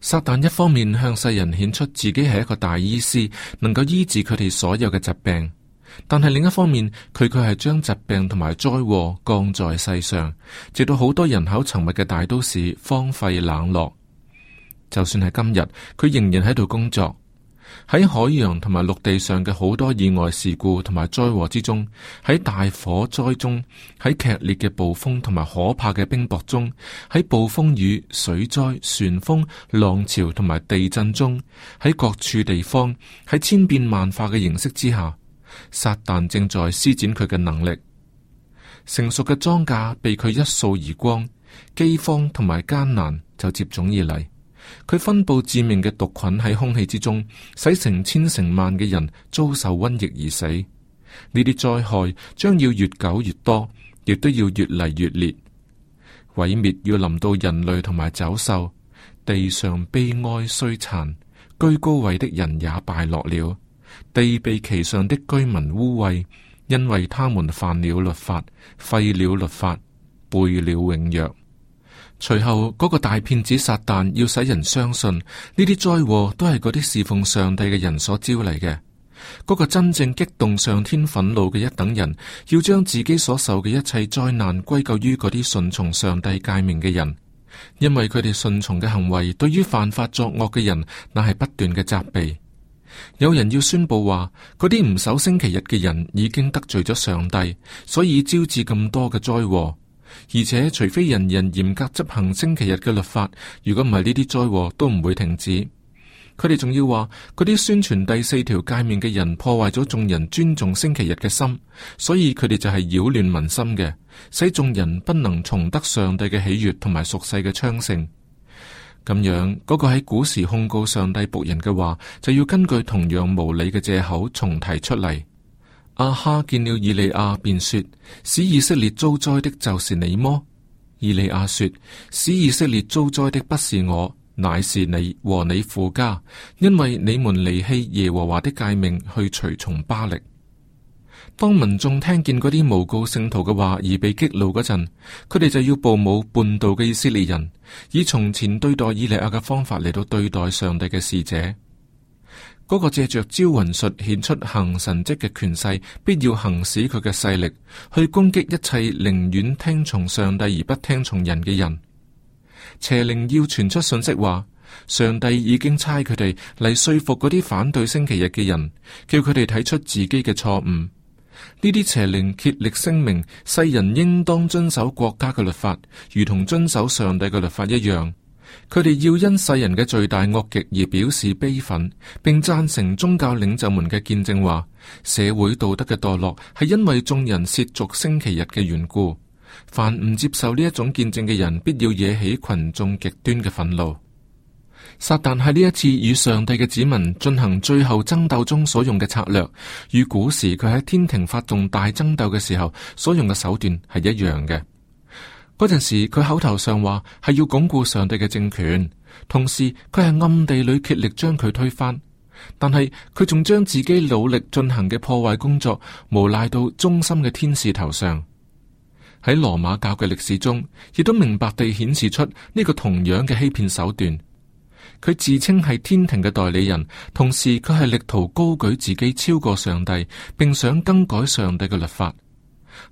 撒旦一方面向世人顯出自己係一個大醫師，能夠醫治佢哋所有嘅疾病；但係另一方面，佢卻係將疾病同埋災禍降在世上，直到好多人口稠密嘅大都市荒廢冷落。就算係今日，佢仍然喺度工作。喺海洋同埋陸地上嘅好多意外事故同埋災禍之中，喺大火災中，喺劇烈嘅暴風同埋可怕嘅冰雹中，喺暴風雨、水災、旋風、浪潮同埋地震中，喺各處地方，喺千變萬化嘅形式之下，撒旦正在施展佢嘅能力。成熟嘅莊稼被佢一掃而光，饑荒同埋艱難就接踵而嚟。佢分佈致命嘅毒菌喺空氣之中，使成千成萬嘅人遭受瘟疫而死。呢啲災害將要越久越多，亦都要越嚟越烈，毀滅要臨到人類同埋走獸，地上悲哀衰殘，居高位的人也敗落了，地被其上的居民污穢，因為他們犯了律法，廢了律法，背了永約。隨後，嗰、那個大騙子撒旦要使人相信呢啲災禍都係嗰啲侍奉上帝嘅人所招嚟嘅。嗰、那個真正激動上天憤怒嘅一等人，要將自己所受嘅一切災難歸咎於嗰啲順從上帝誡命嘅人，因為佢哋順從嘅行為對於犯法作惡嘅人，那係不斷嘅責備。有人要宣布話，嗰啲唔守星期日嘅人已經得罪咗上帝，所以招致咁多嘅災禍。而且，除非人人嚴格執行星期日嘅律法，如果唔係呢啲災禍都唔會停止。佢哋仲要話嗰啲宣傳第四條界面嘅人破壞咗眾人尊重星期日嘅心，所以佢哋就係擾亂民心嘅，使眾人不能重得上帝嘅喜悅同埋屬世嘅昌盛。咁樣嗰個喺古時控告上帝僕人嘅話，就要根據同樣無理嘅借口重提出嚟。阿哈見了以利亞，便說：使以色列遭災的，就是你麼？以利亞說：使以色列遭災的，不是我，乃是你和你父家，因為你們離棄耶和華的誡命，去隨從巴力。當民眾聽見嗰啲誣告聖徒嘅話而被激怒嗰陣，佢哋就要步武叛道嘅以色列人，以從前對待以利亞嘅方法嚟，到對待上帝嘅使者。嗰個借着招魂術顯出行神跡嘅權勢，必要行使佢嘅勢力，去攻擊一切寧願聽從上帝而不聽從人嘅人。邪靈要傳出信息話，上帝已經差佢哋嚟說服嗰啲反對星期日嘅人，叫佢哋睇出自己嘅錯誤。呢啲邪靈竭力聲明，世人應當遵守國家嘅律法，如同遵守上帝嘅律法一樣。佢哋要因世人嘅罪大惡極而表示悲憤，並贊成宗教領袖們嘅見證話，社會道德嘅墮落係因為眾人褻瀆星期日嘅緣故。凡唔接受呢一種見證嘅人，必要惹起群眾極端嘅憤怒。撒旦喺呢一次與上帝嘅子民進行最後爭鬥中所用嘅策略，與古時佢喺天庭發動大爭鬥嘅時候所用嘅手段係一樣嘅。嗰陣時，佢口頭上話係要鞏固上帝嘅政權，同時佢係暗地裏竭力將佢推翻。但係佢仲將自己努力進行嘅破壞工作，無賴到忠心嘅天使頭上。喺羅馬教嘅歷史中，亦都明白地顯示出呢個同樣嘅欺騙手段。佢自稱係天庭嘅代理人，同時佢係力圖高舉自己超過上帝，並想更改上帝嘅律法。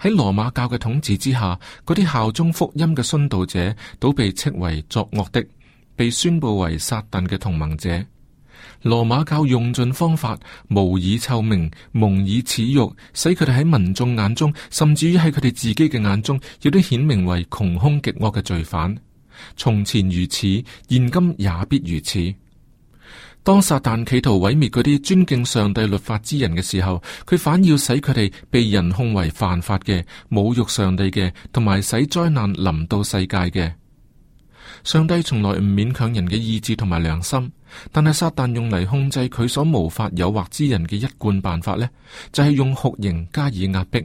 喺羅馬教嘅統治之下，嗰啲效忠福音嘅殉道者，都被稱為作惡的，被宣布為撒旦嘅同盟者。羅馬教用盡方法，誣以臭名，蒙以恥辱，使佢哋喺民眾眼中，甚至於喺佢哋自己嘅眼中，亦都顯明為窮兇極惡嘅罪犯。從前如此，現今也必如此。當撒旦企圖毀滅嗰啲尊敬上帝律法之人嘅時候，佢反要使佢哋被人控為犯法嘅、侮辱上帝嘅，同埋使災難臨到世界嘅。上帝從來唔勉強人嘅意志同埋良心，但係撒旦用嚟控制佢所無法誘惑之人嘅一貫辦法呢，就係用酷刑加以壓迫。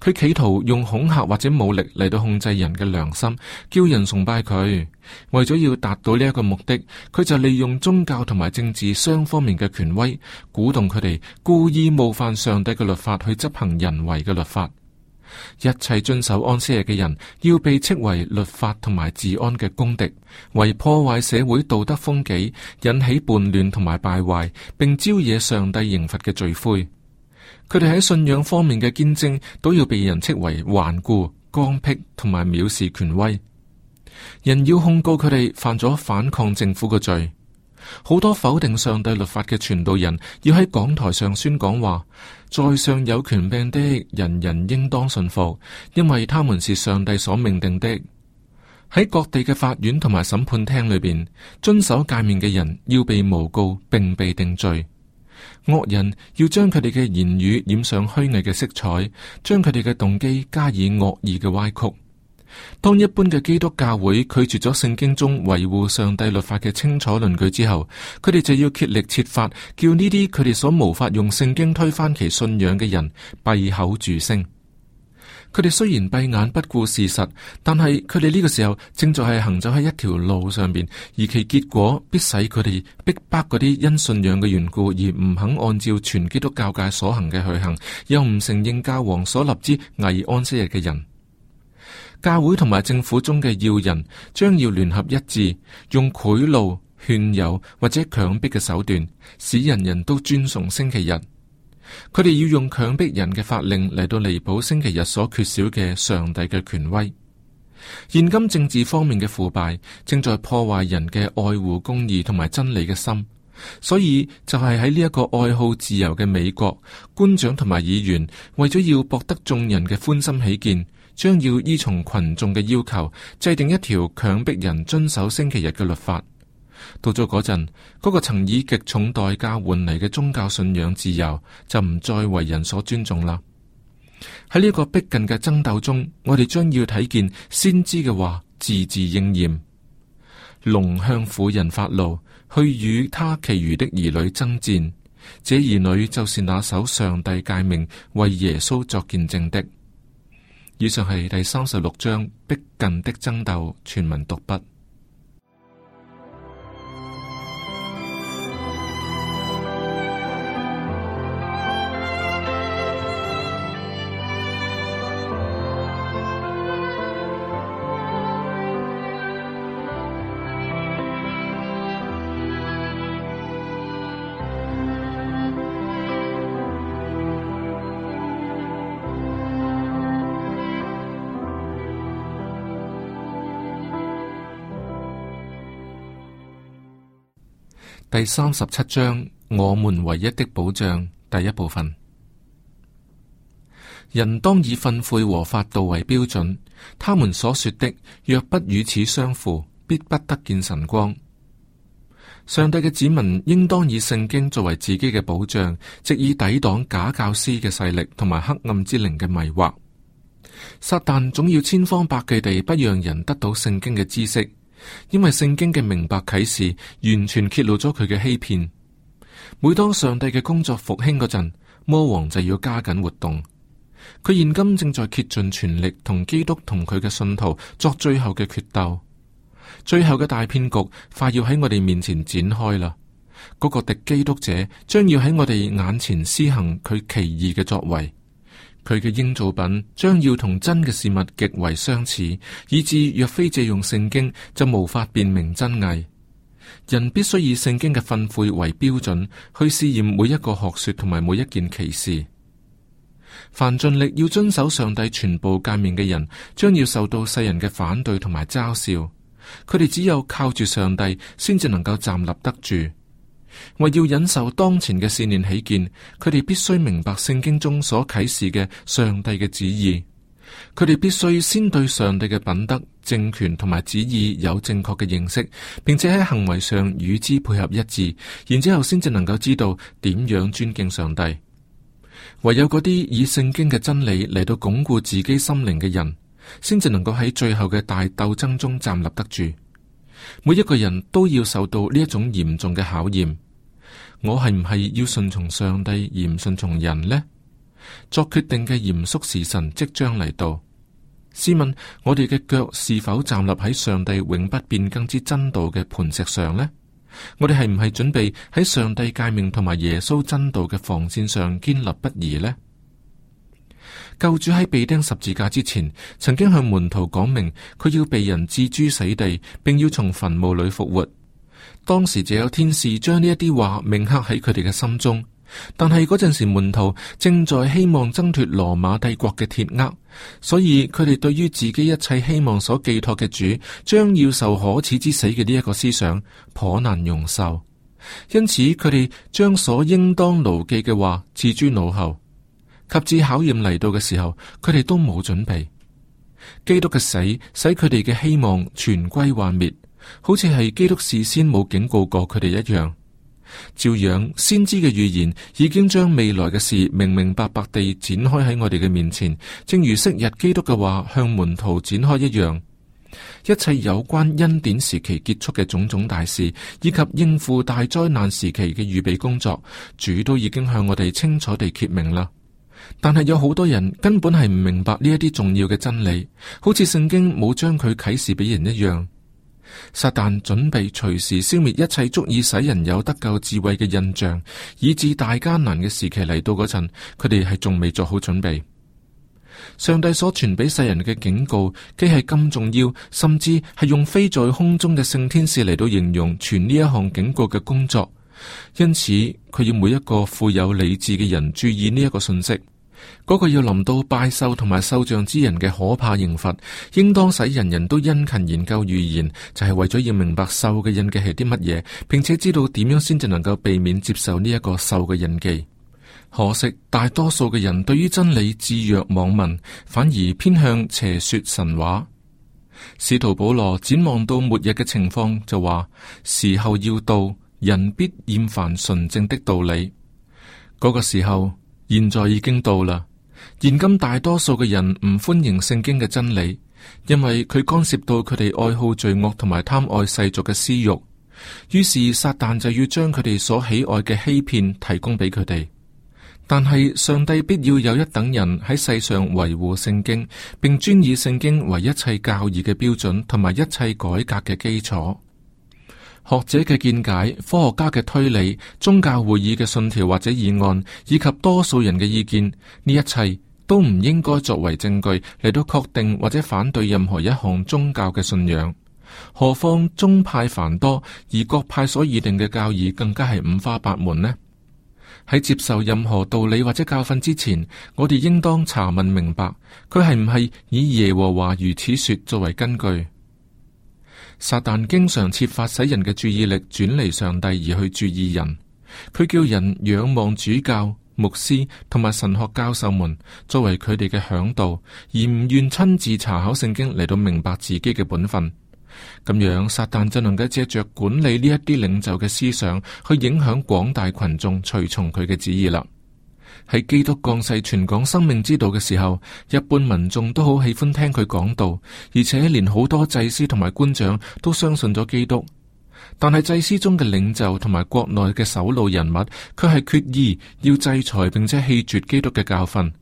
佢企圖用恐嚇或者武力嚟到控制人嘅良心，叫人崇拜佢。為咗要達到呢一個目的，佢就利用宗教同埋政治雙方面嘅權威，鼓動佢哋故意冒犯上帝嘅律法，去執行人為嘅律法。一切遵守安息日嘅人，要被斥為律法同埋治安嘅公敵，為破壞社會道德風紀，引起叛亂同埋敗壞，並招惹上帝刑罰嘅罪魁。佢哋喺信仰方面嘅堅貞都要被人斥為頑固、剛愎同埋藐視權威。人要控告佢哋犯咗反抗政府嘅罪。好多否定上帝律法嘅傳道人要喺講臺上宣講話：在上有權柄的人人應當順服，因為他們是上帝所命定的。喺各地嘅法院同埋審判廳裏邊，遵守誡命嘅人要被誣告並被定罪。惡人要將佢哋嘅言語染上虛偽嘅色彩，將佢哋嘅動機加以惡意嘅歪曲。當一般嘅基督教會拒絕咗聖經中維護上帝律法嘅清楚論據之後，佢哋就要竭力設法叫呢啲佢哋所無法用聖經推翻其信仰嘅人閉口住聲。佢哋雖然閉眼不顧事實，但係佢哋呢個時候正在係行走喺一條路上邊，而其結果必使佢哋逼迫嗰啲因信仰嘅緣故而唔肯按照全基督教界所行嘅去行，又唔承認教皇所立之偽安息日嘅人。教會同埋政府中嘅要人，將要聯合一致，用賄賂、勸誘或者強迫嘅手段，使人人都尊崇星期日。佢哋要用強迫人嘅法令嚟到彌補星期日所缺少嘅上帝嘅權威。現今政治方面嘅腐敗正在破壞人嘅愛護公義同埋真理嘅心，所以就係喺呢一個愛好自由嘅美國，官長同埋議員為咗要博得眾人嘅歡心起見，將要依從群眾嘅要求，制定一條強迫人遵守星期日嘅律法。到咗嗰陣，嗰個曾以極重代價換嚟嘅宗教信仰自由就唔再為人所尊重啦。喺呢個逼近嘅爭鬥中，我哋將要睇見先知嘅話字字應驗。龍向婦人發怒，去與他其餘的兒女爭戰，這兒女就是那守上帝誡命為耶穌作見證的。以上係第三十六章逼近的爭鬥全文讀畢。第三十七章，我們唯一的保障。第一部分，人當以訓誨和法度為標準，他們所說的若不與此相符，必不得見晨光。上帝嘅子民應當以聖經作為自己嘅保障，藉以抵擋假教師嘅勢力同埋黑暗之靈嘅迷惑。撒旦總要千方百計地不讓人得到聖經嘅知識。因為聖經嘅明白啟示完全揭露咗佢嘅欺騙。每當上帝嘅工作復興嗰陣，魔王就要加緊活動。佢現今正在竭盡全力同基督同佢嘅信徒作最後嘅決鬥。最後嘅大騙局快要喺我哋面前展開啦。嗰個敵基督者將要喺我哋眼前施行佢奇異嘅作為。佢嘅英造品將要同真嘅事物極為相似，以致若非借用聖經，就無法辨明真偽。人必須以聖經嘅訓誨為標準，去試驗每一個學說同埋每一件奇事。凡盡力要遵守上帝全部誡命嘅人，將要受到世人嘅反對同埋嘲笑。佢哋只有靠住上帝，先至能夠站立得住。為要忍受當前嘅善念起見，佢哋必須明白聖經中所啟示嘅上帝嘅旨意。佢哋必須先對上帝嘅品德、政權同埋旨意有正確嘅認識，並且喺行為上與之配合一致，然之後先至能夠知道點樣尊敬上帝。唯有嗰啲以聖經嘅真理嚟到鞏固自己心靈嘅人，先至能夠喺最後嘅大鬥爭中站立得住。每一個人都要受到呢一種嚴重嘅考驗。我係唔係要順從上帝而唔順從人呢？作決定嘅嚴肅時辰即將嚟到。試問我哋嘅腳是否站立喺上帝永不變更之真道嘅磐石上呢？我哋係唔係準備喺上帝誡命同埋耶穌真道嘅防線上堅立不移呢？救主喺被釘十字架之前，曾經向門徒講明，佢要被人置諸死地，並要從墳墓裏復活。當時就有天使將呢一啲話銘刻喺佢哋嘅心中，但係嗰陣時門徒正在希望掙脫羅馬帝國嘅鐵軛，所以佢哋對於自己一切希望所寄託嘅主將要受可恥之死嘅呢一個思想頗難容受，因此佢哋將所應當牢記嘅話置諸腦後，及至考驗嚟到嘅時候，佢哋都冇準備。基督嘅死使佢哋嘅希望全歸幻滅。好似係基督事先冇警告過佢哋一樣，照樣先知嘅預言已經將未來嘅事明明白白地展開喺我哋嘅面前，正如昔日基督嘅話，向門徒展開一樣。一切有關恩典時期結束嘅種種大事，以及應付大災難時期嘅預備工作，主都已經向我哋清楚地揭明啦。但係有好多人根本係唔明白呢一啲重要嘅真理，好似聖經冇將佢啟示俾人一樣。撒旦準備隨時消滅一切足以使人有得救智慧嘅印象，以致大艱難嘅時期嚟到嗰陣，佢哋係仲未做好準備。上帝所傳俾世人嘅警告既係咁重要，甚至係用飛在空中嘅聖天使嚟到形容傳呢一項警告嘅工作，因此佢要每一個富有理智嘅人注意呢一個信息。嗰個要臨到拜獸同埋獸像之人嘅可怕刑罰，應當使人人都殷勤研究預言，就係、是、為咗要明白獸嘅印記係啲乜嘢，並且知道點樣先至能夠避免接受呢一個獸嘅印記。可惜大多數嘅人對於真理置若罔聞，反而偏向邪說神話。使徒保羅展望到末日嘅情況，就話：時候要到，人必厭煩純正的道理。嗰、那個時候。現在已經到啦。現今大多數嘅人唔歡迎聖經嘅真理，因為佢干涉到佢哋愛好罪惡同埋貪愛世俗嘅私欲。於是撒旦就要將佢哋所喜愛嘅欺騙提供俾佢哋。但係上帝必要有一等人喺世上維護聖經，並專以聖經為一切教義嘅標準，同埋一切改革嘅基礎。學者嘅見解、科學家嘅推理、宗教會議嘅信條或者議案，以及多數人嘅意見，呢一切都唔應該作為證據嚟到確定或者反對任何一項宗教嘅信仰。何況宗派繁多，而各派所擬定嘅教義更加係五花八門呢？喺接受任何道理或者教訓之前，我哋應當查問明白，佢係唔係以耶和華如此說作為根據。撒旦經常設法使人嘅注意力轉離上帝，而去注意人。佢叫人仰望主教、牧師同埋神學教授們作為佢哋嘅響導，而唔願親自查考聖經嚟到明白自己嘅本分。咁樣撒旦就能夠借着管理呢一啲領袖嘅思想，去影響廣大群眾隨從佢嘅旨意啦。喺基督降世全港生命之道嘅時候，一般民眾都好喜歡聽佢講道，而且連好多祭司同埋官長都相信咗基督。但係祭司中嘅領袖同埋國內嘅首腦人物，卻係決意要制裁並且棄絕基督嘅教訓，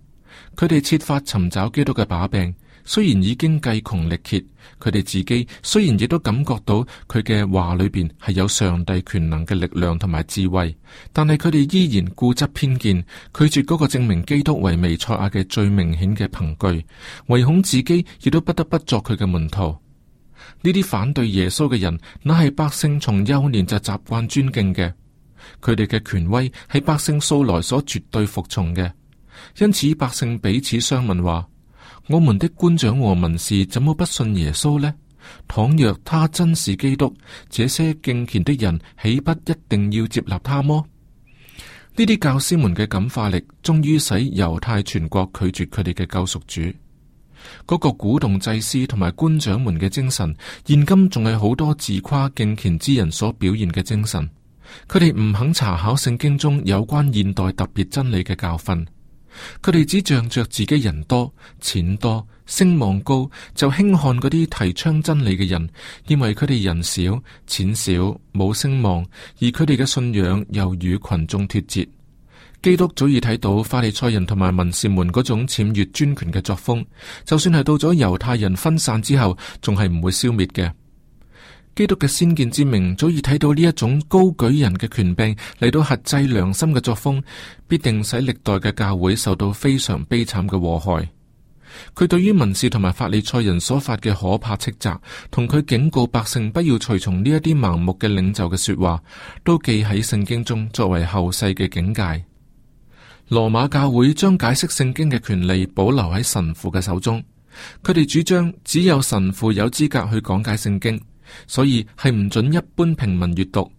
佢哋設法尋找基督嘅把柄。雖然已經計窮力竭，佢哋自己雖然亦都感覺到佢嘅話裏邊係有上帝權能嘅力量同埋智慧，但係佢哋依然固執偏見，拒絕嗰個證明基督爲彌賽亞嘅最明顯嘅憑據，唯恐自己亦都不得不作佢嘅門徒。呢啲反對耶穌嘅人，乃係百姓從幼年就習慣尊敬嘅，佢哋嘅權威係百姓素來所絕對服從嘅，因此百姓彼此相問話。我們的官長和文士怎麼不信耶穌呢？倘若他真是基督，這些敬虔的人豈不一定要接納他麼？呢啲教師們嘅感化力，終於使猶太全國拒絕佢哋嘅救贖主。嗰、那個鼓動祭司同埋官長們嘅精神，現今仲係好多自誇敬虔之人所表現嘅精神。佢哋唔肯查考聖經中有關現代特別真理嘅教訓。佢哋只仗着自己人多、錢多、聲望高，就輕看嗰啲提倡真理嘅人，因為佢哋人少、錢少、冇聲望，而佢哋嘅信仰又與群眾脫節。基督早已睇到法利賽人同埋文士們嗰種僭越專權嘅作風，就算係到咗猶太人分散之後，仲係唔會消滅嘅。基督嘅先見之明早已睇到呢一種高舉人嘅權柄嚟到轄制良心嘅作風，必定使歷代嘅教會受到非常悲慘嘅禍害。佢對於文士同埋法利賽人所發嘅可怕斥責，同佢警告百姓不要隨從呢一啲盲目嘅領袖嘅說話，都記喺聖經中作為後世嘅警戒。羅馬教會將解釋聖經嘅權利保留喺神父嘅手中，佢哋主張只有神父有資格去講解聖經。所以係唔准一般平民閱讀。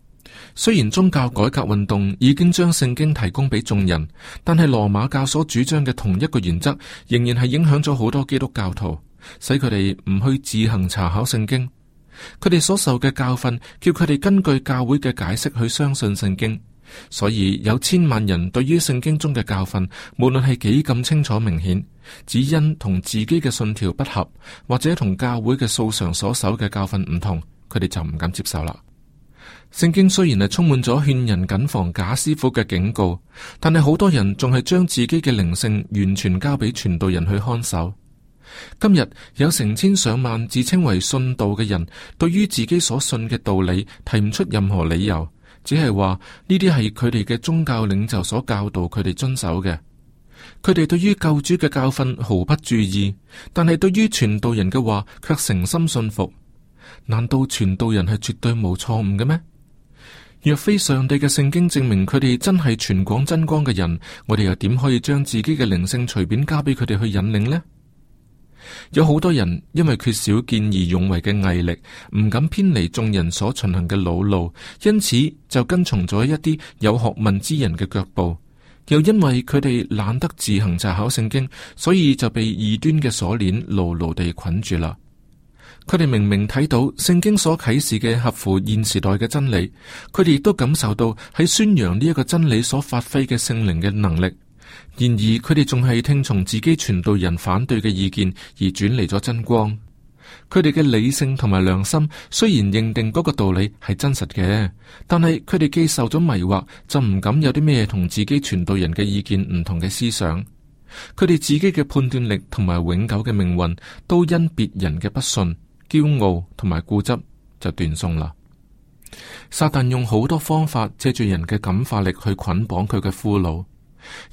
雖然宗教改革運動已經將聖經提供俾眾人，但係羅馬教所主張嘅同一個原則，仍然係影響咗好多基督教徒，使佢哋唔去自行查考聖經。佢哋所受嘅教訓，叫佢哋根據教會嘅解釋去相信聖經。所以有千萬人對於聖經中嘅教訓，無論係幾咁清楚明顯，只因同自己嘅信條不合，或者同教會嘅素常所守嘅教訓唔同，佢哋就唔敢接受啦。聖經雖然係充滿咗勸人謹防假師傅嘅警告，但係好多人仲係將自己嘅靈性完全交俾傳道人去看守。今日有成千上萬自稱為信道嘅人，對於自己所信嘅道理提唔出任何理由。只係話呢啲係佢哋嘅宗教領袖所教導佢哋遵守嘅，佢哋對於救主嘅教訓毫不注意，但係對於傳道人嘅話卻誠心信服。難道傳道人係絕對冇錯誤嘅咩？若非上帝嘅聖經證明佢哋真係傳廣真光嘅人，我哋又點可以將自己嘅靈性隨便交俾佢哋去引領呢？有好多人因為缺少見義勇為嘅毅力，唔敢偏離眾人所循行嘅老路，因此就跟從咗一啲有學問之人嘅腳步。又因為佢哋懶得自行查考聖經，所以就被異端嘅鎖鏈牢牢牢地捆住啦。佢哋明明睇到聖經所啟示嘅合乎現時代嘅真理，佢哋亦都感受到喺宣揚呢一個真理所發揮嘅聖靈嘅能力。然而佢哋仲係聽從自己傳道人反對嘅意見而轉嚟咗真光。佢哋嘅理性同埋良心雖然認定嗰個道理係真實嘅，但係佢哋既受咗迷惑，就唔敢有啲咩同自己傳道人嘅意見唔同嘅思想。佢哋自己嘅判斷力同埋永久嘅命運都因別人嘅不信、驕傲同埋固執就斷送啦。撒旦用好多方法借住人嘅感化力去捆綁佢嘅俘虜。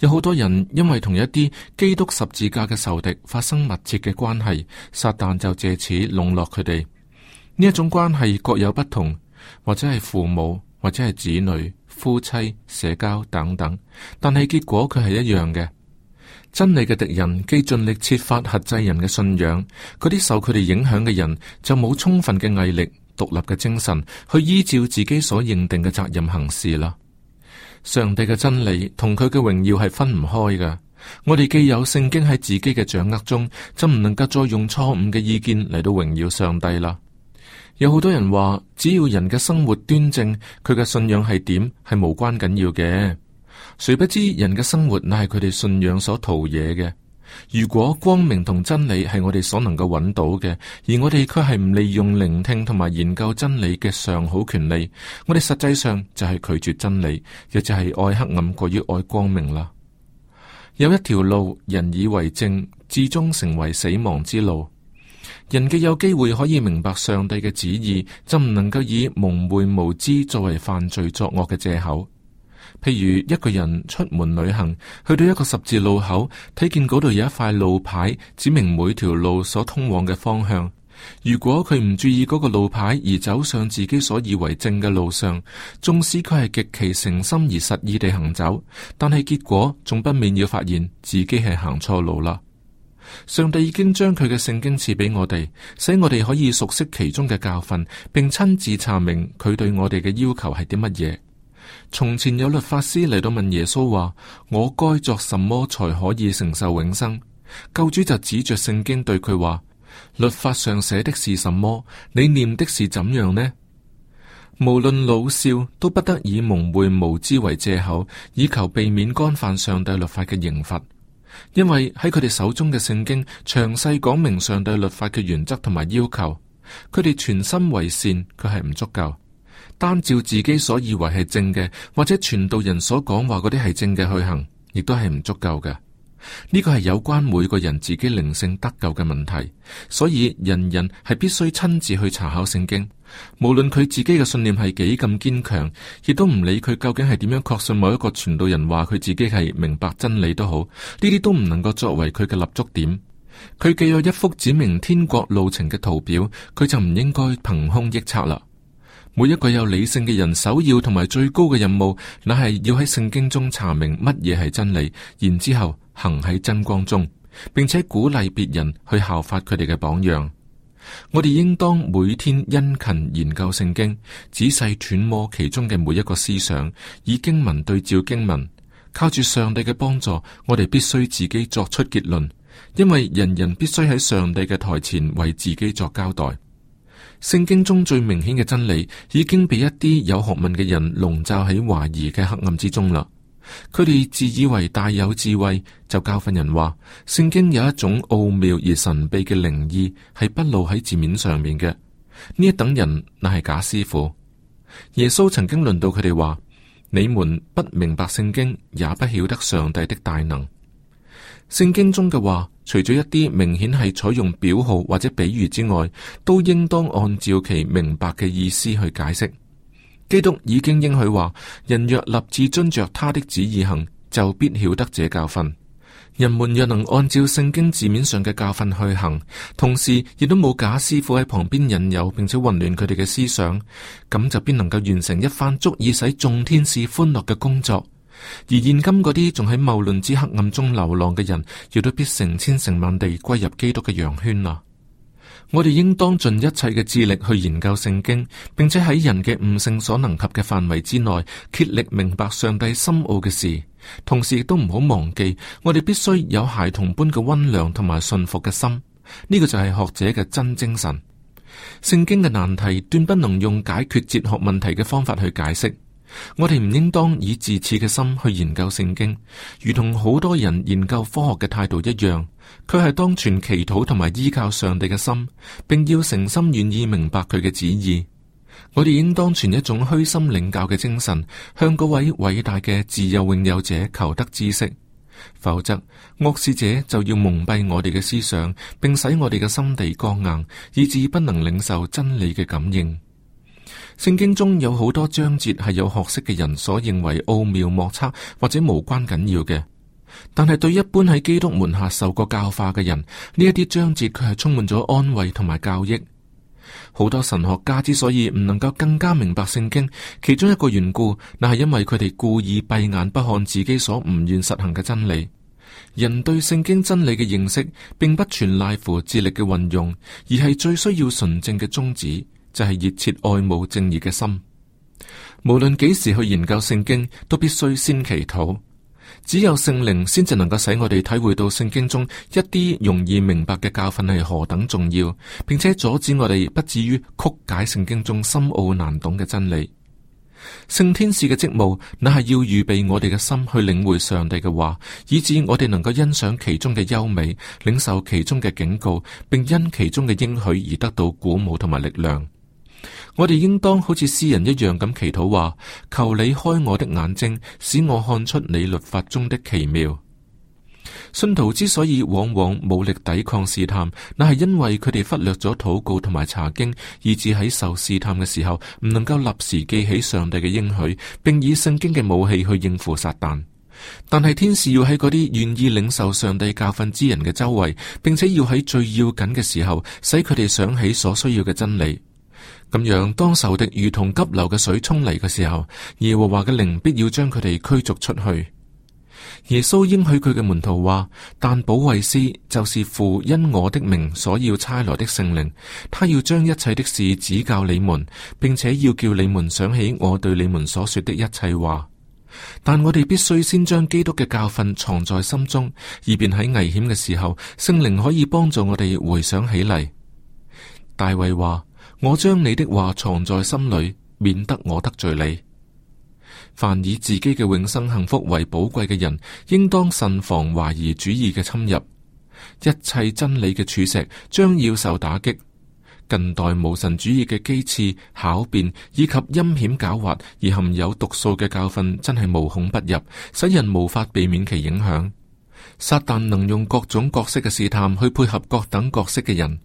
有好多人因為同一啲基督十字架嘅仇敵發生密切嘅關係，撒旦就借此籠絡佢哋。呢一種關係各有不同，或者係父母，或者係子女、夫妻、社交等等。但係結果佢係一樣嘅。真理嘅敵人既盡力設法轄制人嘅信仰，嗰啲受佢哋影響嘅人就冇充分嘅毅力、獨立嘅精神去依照自己所認定嘅責任行事啦。上帝嘅真理同佢嘅榮耀係分唔開噶我哋既有聖經喺自己嘅掌握中，就唔能夠再用錯誤嘅意見嚟到榮耀上帝啦。有好多人話，只要人嘅生活端正，佢嘅信仰係點係無關緊要嘅，誰不知人嘅生活乃係佢哋信仰所陶冶嘅。如果光明同真理係我哋所能夠揾到嘅，而我哋卻係唔利用聆聽同埋研究真理嘅上好權利，我哋實際上就係拒絕真理，亦就係愛黑暗過於愛光明啦。有一條路人以為正，至終成為死亡之路。人既有機會可以明白上帝嘅旨意，就唔能夠以蒙昧無知作為犯罪作惡嘅借口。譬如一個人出門旅行，去到一個十字路口，睇見嗰度有一塊路牌，指明每條路所通往嘅方向。如果佢唔注意嗰個路牌而走上自己所以為正嘅路上，縱使佢係極其誠心而實意地行走，但係結果仲不免要發現自己係行錯路啦。上帝已經將佢嘅聖經賜俾我哋，使我哋可以熟悉其中嘅教訓，並親自查明佢對我哋嘅要求係啲乜嘢。從前有律法師嚟到問耶穌話：我該作什麼才可以承受永生？救主就指着聖經對佢話：律法上寫的是什麼？你念的是怎樣呢？無論老少都不得以蒙昧無知為借口，以求避免干犯上帝律法嘅刑罰。因為喺佢哋手中嘅聖經詳細講明上帝律法嘅原則同埋要求，佢哋全心為善佢係唔足夠。單照自己所以為係正嘅，或者傳道人所講話嗰啲係正嘅去行，亦都係唔足夠嘅。呢個係有關每個人自己靈性得救嘅問題，所以人人係必須親自去查考聖經。無論佢自己嘅信念係幾咁堅強，亦都唔理佢究竟係點樣確信某一個傳道人話佢自己係明白真理都好，呢啲都唔能夠作為佢嘅立足點。佢既有一幅指明天國路程嘅圖表，佢就唔應該憑空臆測啦。每一個有理性嘅人，首要同埋最高嘅任務，乃係要喺聖經中查明乜嘢係真理，然之後行喺真光中，並且鼓勵別人去效法佢哋嘅榜樣。我哋應當每天殷勤研究聖經，仔細揣摩其中嘅每一個思想，以經文對照經文，靠住上帝嘅幫助，我哋必須自己作出結論，因為人人必須喺上帝嘅台前為自己作交代。聖經中最明顯嘅真理，已經被一啲有學問嘅人籠罩喺懷疑嘅黑暗之中啦。佢哋自以為大有智慧，就教訓人話：聖經有一種奧妙而神秘嘅靈意，係不露喺字面上面嘅。呢一等人，乃係假師傅。耶穌曾經論到佢哋話：你們不明白聖經，也不曉得上帝的大能。聖經中嘅話，除咗一啲明顯係採用表號或者比喻之外，都應當按照其明白嘅意思去解釋。基督已經應許話：人若立志遵着他的旨意行，就必曉得這教訓。人們若能按照聖經字面上嘅教訓去行，同時亦都冇假師傅喺旁邊引誘並且混亂佢哋嘅思想，咁就必能夠完成一番足以使眾天使歡樂嘅工作。而現今嗰啲仲喺謬論之黑暗中流浪嘅人，亦都必成千成萬地歸入基督嘅羊圈啦。我哋應當盡一切嘅智力去研究聖經，並且喺人嘅悟性所能及嘅範圍之內竭力明白上帝深奧嘅事。同時亦都唔好忘記，我哋必須有孩童般嘅溫良同埋順服嘅心。呢個就係學者嘅真精神。聖經嘅難題斷不能用解決哲學問題嘅方法去解釋。我哋唔應當以自恃嘅心去研究聖經，如同好多人研究科學嘅態度一樣。佢係當存祈禱同埋依靠上帝嘅心，並要誠心願意明白佢嘅旨意。我哋應當存一種虛心領教嘅精神，向嗰位偉大嘅自有永有者求得知識。否則，惡事者就要蒙蔽我哋嘅思想，並使我哋嘅心地剛硬，以致不能領受真理嘅感應。聖經中有好多章節係有學識嘅人所認為奧妙莫測，或者無關緊要嘅，但係對一般喺基督門下受過教化嘅人，呢一啲章節卻係充滿咗安慰同埋教益。好多神學家之所以唔能夠更加明白聖經，其中一個緣故，那係因為佢哋故意閉眼不看自己所唔願實行嘅真理。人對聖經真理嘅認識，並不全賴乎智力嘅運用，而係最需要純正嘅宗旨。就係熱切愛慕正義嘅心，無論幾時去研究聖經，都必須先祈禱。只有聖靈先至能夠使我哋體會到聖經中一啲容易明白嘅教訓係何等重要，並且阻止我哋不至於曲解聖經中深奧難懂嘅真理。聖天使嘅職務，乃係要預備我哋嘅心去領會上帝嘅話，以致我哋能夠欣賞其中嘅優美，領受其中嘅警告，並因其中嘅應許而得到鼓舞同埋力量。我哋應當好似詩人一樣咁祈禱話，話，求你開我的眼睛，使我看出你律法中的奇妙。信徒之所以往往無力抵抗試探，那係因為佢哋忽略咗禱告同埋查經，以至喺受試探嘅時候，唔能夠立時記起上帝嘅應許，並以聖經嘅武器去應付撒旦。但係天使要喺嗰啲願意領受上帝教訓之人嘅周圍，並且要喺最要緊嘅時候，使佢哋想起所需要嘅真理。咁樣當仇敵如同急流嘅水沖嚟嘅時候，耶和華嘅靈必要將佢哋驅逐出去。耶穌應許佢嘅門徒話：但保惠師就是父因我的名所要差來的聖靈，他要將一切的事指教你們，並且要叫你們想起我對你們所說的一切話。但我哋必須先將基督嘅教訓藏在心中，以便喺危險嘅時候，聖靈可以幫助我哋回想起嚟。大衛話。我將你的話藏在心裏，免得我得罪你。凡以自己嘅永生幸福為寶貴嘅人，應當慎防懷疑主義嘅侵入。一切真理嘅柱石將要受打擊。近代無神主義嘅譏刺、巧辯以及陰險狡猾而含有毒素嘅教訓，真係無孔不入，使人無法避免其影響。撒旦能用各種角色嘅試探去配合各等角色嘅人。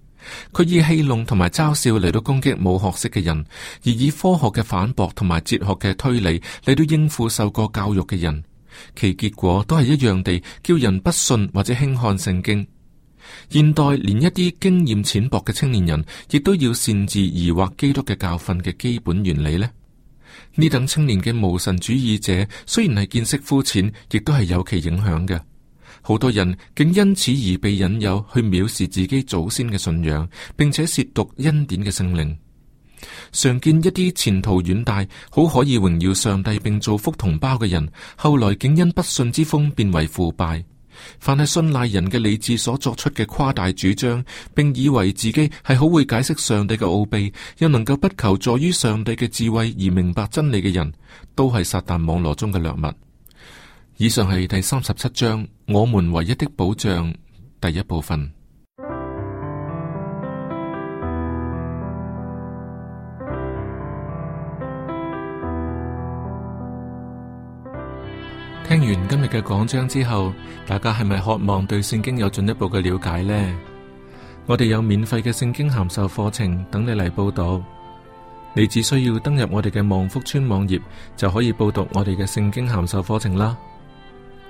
佢以戲弄同埋嘲笑嚟到攻擊冇學識嘅人，而以科學嘅反駁同埋哲學嘅推理嚟到應付受過教育嘅人，其結果都係一樣地叫人不信或者輕看聖經。現代連一啲經驗淺薄嘅青年人，亦都要擅自疑惑基督嘅教訓嘅基本原理呢？呢等青年嘅無神主義者，雖然係見識膚淺，亦都係有其影響嘅。好多人竟因此而被引誘去藐視自己祖先嘅信仰，並且褻瀆恩典嘅聖靈。常見一啲前途遠大、好可以榮耀上帝並造福同胞嘅人，後來竟因不信之風變為腐敗。凡係信賴人嘅理智所作出嘅誇大主張，並以為自己係好會解釋上帝嘅奧秘，又能夠不求助於上帝嘅智慧而明白真理嘅人，都係撒旦網絡中嘅掠物。以上係第三十七章，我們唯一的保障，第一部分。聽完今日嘅講章之後，大家係咪渴望對聖經有進一步嘅了解呢？我哋有免費嘅聖經函授課程等你嚟報讀。你只需要登入我哋嘅望福村網頁，就可以報讀我哋嘅聖經函授課程啦。